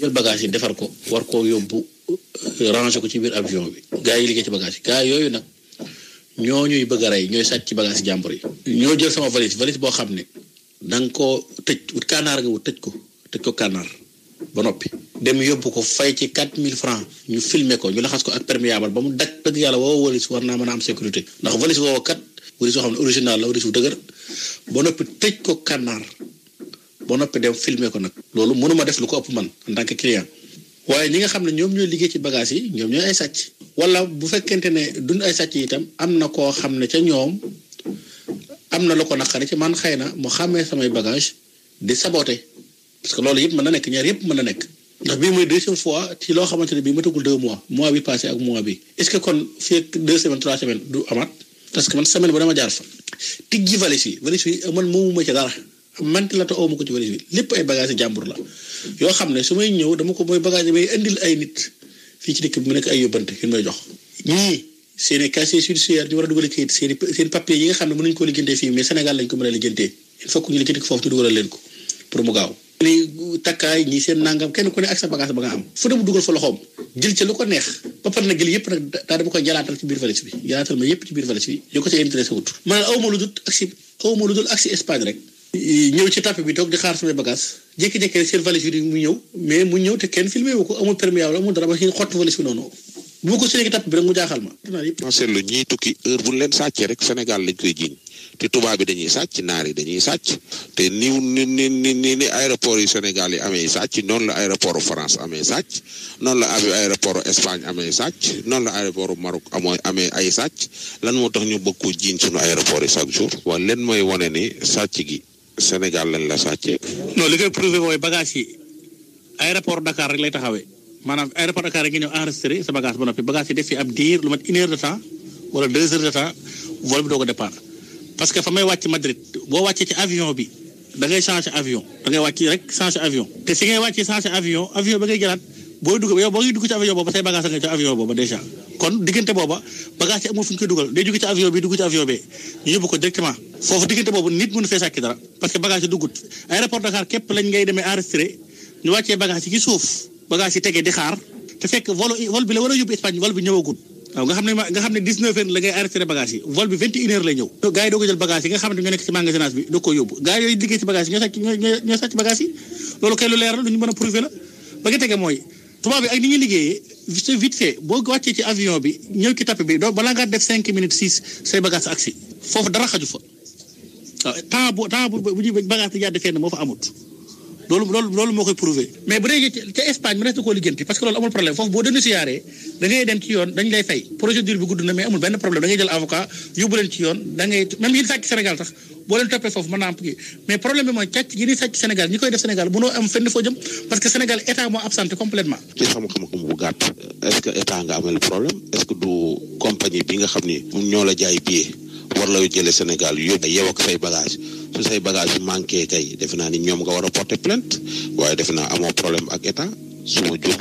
jël bagage yi defar ko war koo yóbbu euh, ranger ko ci biir avion bi gaa yi liggéey ci bagage yi gaa yooyu nag ñoo ñuy bëgg a rey ñooy sàcc ci bagage jàmbur yi ñoo jël sama valise valise boo xam ne danga ko tëj wut kànnaar nga wut ko tëj ko kànnaar ba noppi dem yóbbu ko fay ci quatre mille francs ñu filmer ko ñu laxas ko ak perméable ba mu daj dëgg yàlla woo valise war naa mën a am sécurité ndax valise woo kat valise boo xam ne original la valise bu dëgër ba noppi tëj ko kànnaar ba noppi dem filmer ko nag loolu mënuma def lu ko ëpp man en tant que client waaye ñi nga xam ne ñoom ñooy liggéey ci bagage yi ñoom ñooy ay sàcc wala bu fekkente ne duñ ay sàcc yi itam am na koo xam ne ca ñoom am na lu ko naqari ci man xëy na mu xàmmee samay bagage di sabote parce que loolu yëpp na nekk ñaar yëpp mën na nekk ndax bii mooy deuxième loo xamante ne bii matagul deux mois mois bi passé ak bi est-ce que kon fii ak deux semaines trois semaines du amaat parce semaine bu dama jaar fa tijji valise yi valise yi man moomuma ca dara to omu ko ci valise bi lépp ay bagage jambour la yo xamne sumay ñew dama ko moy bagage bay andil ay nit fi ci dëkk bi mu nekk ay yobant yu may jox ñii seeni casier sur ñu di wara dugal ci seeni seen papier yi nga xamne ne mënuñ ko liggéentee fi mais Sénégal lañ ko mëna a il faut ko ñu liggéente fofu foofu ñu leen ko pour mu gaaw ni takay ni seen nangam kenn ku ne ak sa bagage ba nga am fu dem dugal fa loxom jël ci lu ko neex ba par na gël yépp nak da dama ko jalatal ci biir valise bi jalatal ma yépp ci biir valise bi yu ko intéressé wut man awma lu dut ak ci awma lu dul ak ci espagne rek ñëw ci tapis bi toog di xaar samay bagage jékki-jékki seen valise bi mu ñëw mais mu ñëw te kenn filmé wu ko amul perméable amul dara ba si xottu valise bi noonu bu ma ko sénégi bi mu jaaxal ma. ma seetlu ñiy tukki heure bu leen sàccee rek Sénégal lañ koy jiiñ te tubaab bi dañuy sàcc naar yi dañuy sàcc te niw ni ni ni ni ni aéroport yu Sénégal yi amee sàcc noonu la aéroport France amee sàcc noonu la ab aéroport Espagne amee sàcc noonu la aéroport Maroc amoo amee ay sàcc lan moo tax ñu bëgg ko jiiñ suñu aéroport yi chaque jour. waaw leen mooy wane ni sàcc gi Sénégal lañ la sàccee. non li koy prouvé mooy bagage yi aéroport Dakar rek lay taxawee maanaam aéroport Dakar rek nga ñëw enregistré sa bagage ba noppi bagage yi def fi ab diir lu mat une heure wala deux heures de temps vol bi parce que fa may wàcc Madrid boo wàccee ci avion bi da ngay changé avion da ngay wàcc rek changé avion te si ngay wàccee changé avion avion ba ngay jëlaat booy boo ngi dugg avion boobu say bagage nga ci avion boobu déjà. kon diggante booba bagage yi amul fu ñu koy dugal day jóge ci avion bi dugg ci avion bi ñu yóbbu ko directement foofu diggante boobu nit mënu fee sàkki dara parce que bagage yi duggut aéroport Dakar képp lañ ngay demee enregistré ñu wàccee bagage yi ci suuf bagage yi tegee bi la war yóbbu Espagne vol bi ñëwagul waaw nga xam nga xam ne 19 heures la ngay arrêté bi 21 heures lay ñëw yi doo ko jël bagage yi nga xam ne ñoo nekk ci magasinage bi bi ak ni ñuy c'est vite fait boo wàccee ci avion bi ñëw ci tapis bi doo balaa ngaa def cinq minutes six say bagages agsi foofu dara xaju fa waaw temps bu temps bu bu ñuy bi yi jaar fenn moo fa amut. loolu loolu loolu moo koy prouvé mais bu dee ca Espagne mu nekk koo liggéenti parce que loolu amul problème foofu boo dénunciaree da ngay dem ci yoon dañ lay fay procédure bi gudd na mais amul benn problème da ci yoon da Sénégal sax koy def Sénégal mënoo am fenn foo jëm parce que Sénégal état moo absenté complètement ci xam-xam bu gàtt est que état nga amel problème est que du compagnie bi nga xam ni ñoo la jaay billet war la jëlee Sénégal yóbbu yow ak say bagage su say bagage manqué kay defe naa ni ñoom nga war a porter plainte waaye defe naa amoo problème ak état su ma jóg.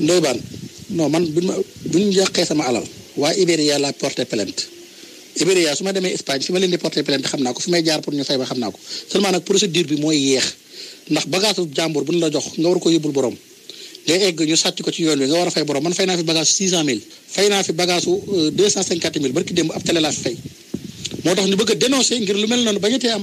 Ndoye Bane non man buñ ma buñ yàqee sama alal waa Iberia laa porter plainte Iberia su ma demee Espagne fi ma leen di porter plainte xam naa ko fi may jaar pour ñu fay ba xam naa ko seulement nag procédure bi mooy yéex ndax bagage jàmbur bu ñu la jox nga war ko yóbbul borom. ngay egg ñu ci yoon wi nga war a fay borom man fay naa fi bagage six cent mille fay naa fi bagage su euh, deux cent cinquante mille barki démb ab télé a